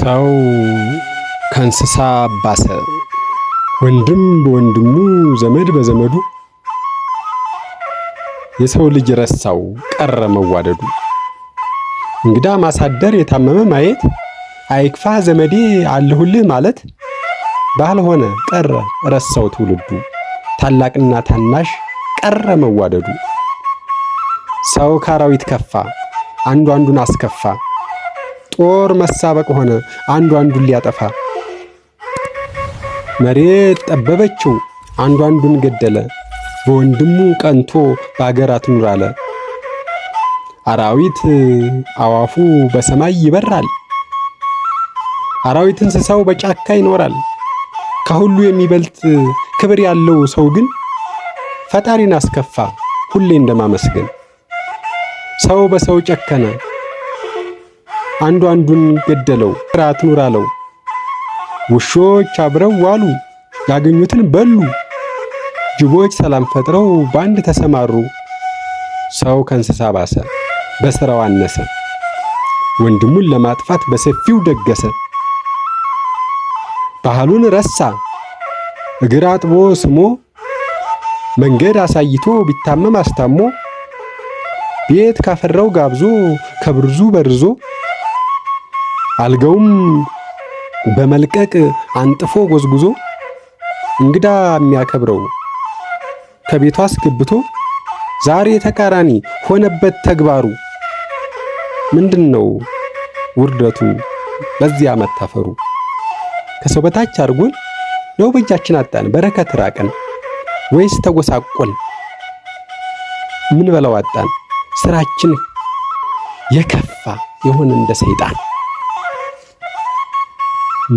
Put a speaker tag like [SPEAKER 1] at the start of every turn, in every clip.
[SPEAKER 1] ሰው ከእንስሳ አባሰ፣ ወንድም በወንድሙ ዘመድ በዘመዱ፣ የሰው ልጅ ረሳው ቀረ መዋደዱ። እንግዳ ማሳደር የታመመ ማየት፣ አይክፋ ዘመዴ አለሁልህ ማለት፣ ባህል ሆነ ቀረ ረሳው ትውልዱ፣ ታላቅና ታናሽ ቀረ መዋደዱ። ሰው ከአራዊት ከፋ፣ አንዱ አንዱን አስከፋ ጦር መሳበቅ ሆነ፣ አንዱ አንዱን ሊያጠፋ። መሬት ጠበበችው፣ አንዱ አንዱን ገደለ። በወንድሙ ቀንቶ በአገር አትኑር አለ። አራዊት አዋፉ በሰማይ ይበራል። አራዊት እንስሳው በጫካ ይኖራል። ከሁሉ የሚበልጥ ክብር ያለው ሰው ግን ፈጣሪን አስከፋ፣ ሁሌ እንደማመስገን ሰው በሰው ጨከነ። አንዱ አንዱን ገደለው፣ ራት ኑር አለው። ውሾች አብረው ዋሉ፣ ያገኙትን በሉ። ጅቦች ሰላም ፈጥረው በአንድ ተሰማሩ። ሰው ከእንስሳ ባሰ፣ በሥራው አነሰ። ወንድሙን ለማጥፋት በሰፊው ደገሰ። ባህሉን ረሳ፣ እግር አጥቦ ስሞ፣ መንገድ አሳይቶ ቢታመም አስታሞ፣ ቤት ካፈራው ጋብዞ ከብርዙ በርዞ አልጋውም በመልቀቅ አንጥፎ ጎዝጉዞ እንግዳ የሚያከብረው ከቤቷ አስገብቶ ዛሬ ተቃራኒ ሆነበት ተግባሩ። ምንድን ነው ውርደቱ? በዚያ መታፈሩ ከሰው በታች አድርጎን ነው። በእጃችን አጣን በረከት ራቀን ወይስ ተጎሳቆል? ምን በለው አጣን ስራችን የከፋ የሆነ እንደ ሰይጣን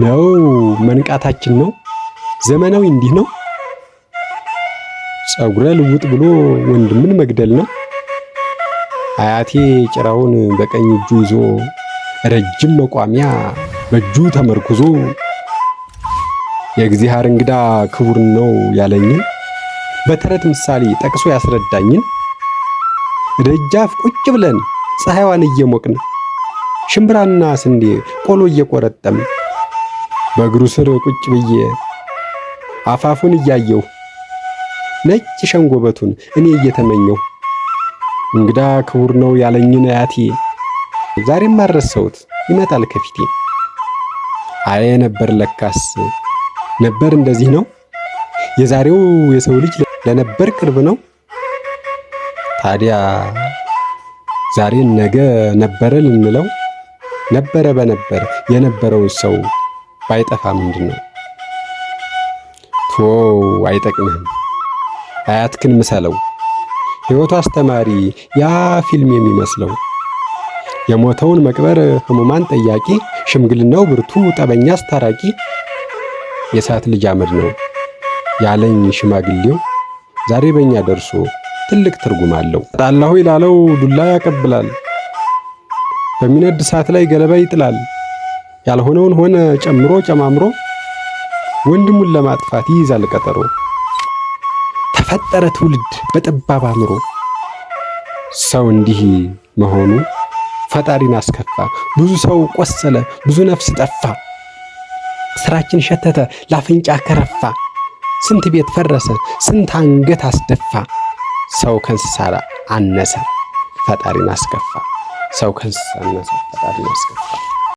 [SPEAKER 1] ነው መንቃታችን ነው። ዘመናዊ እንዲህ ነው። ጸጉረ ልውጥ ብሎ ወንድምን መግደል ነው። አያቴ ጭራውን በቀኝ እጁ ይዞ ረጅም መቋሚያ በእጁ ተመርኩዞ የእግዚአብሔር እንግዳ ክቡር ነው ያለኝን በተረት ምሳሌ ጠቅሶ ያስረዳኝን ደጃፍ ቁጭ ብለን ፀሐይዋን እየሞቅን ሽምብራና ስንዴ ቆሎ እየቆረጠምን በእግሩ ስር ቁጭ ብዬ አፋፉን እያየሁ ነጭ ሸንጎበቱን እኔ እየተመኘሁ እንግዳ ክቡር ነው ያለኝን አያቴ ዛሬም አረሰውት ይመጣል ከፊቴ። አየ ነበር ለካስ ነበር እንደዚህ ነው የዛሬው የሰው ልጅ ለነበር ቅርብ ነው ታዲያ ዛሬን ነገ ነበረ ልንለው ነበረ በነበር የነበረውን ሰው ባይጠፋ ምንድን ነው? ቶ አይጠቅምህም። አያትክን ምሰለው። ሕይወቱ አስተማሪ፣ ያ ፊልም የሚመስለው የሞተውን መቅበር ሕሙማን ጠያቂ፣ ሽምግልናው ብርቱ ጠበኛ አስታራቂ፣ የእሳት ልጅ አመድ ነው ያለኝ ሽማግሌው ዛሬ በእኛ ደርሶ ትልቅ ትርጉም አለው። ጣላሁ ይላለው ዱላ ያቀብላል፣ በሚነድ እሳት ላይ ገለባ ይጥላል። ያልሆነውን ሆነ ጨምሮ ጨማምሮ ወንድሙን ለማጥፋት ይይዛል ቀጠሮ። ተፈጠረ ትውልድ በጠባብ አምሮ ሰው እንዲህ መሆኑ ፈጣሪን አስከፋ። ብዙ ሰው ቆሰለ፣ ብዙ ነፍስ ጠፋ። ስራችን ሸተተ፣ ላፍንጫ ከረፋ። ስንት ቤት ፈረሰ፣ ስንት አንገት አስደፋ። ሰው ከእንስሳ አነሰ፣ ፈጣሪን አስከፋ። ሰው ከእንስሳ አነሰ፣ ፈጣሪን አስከፋ።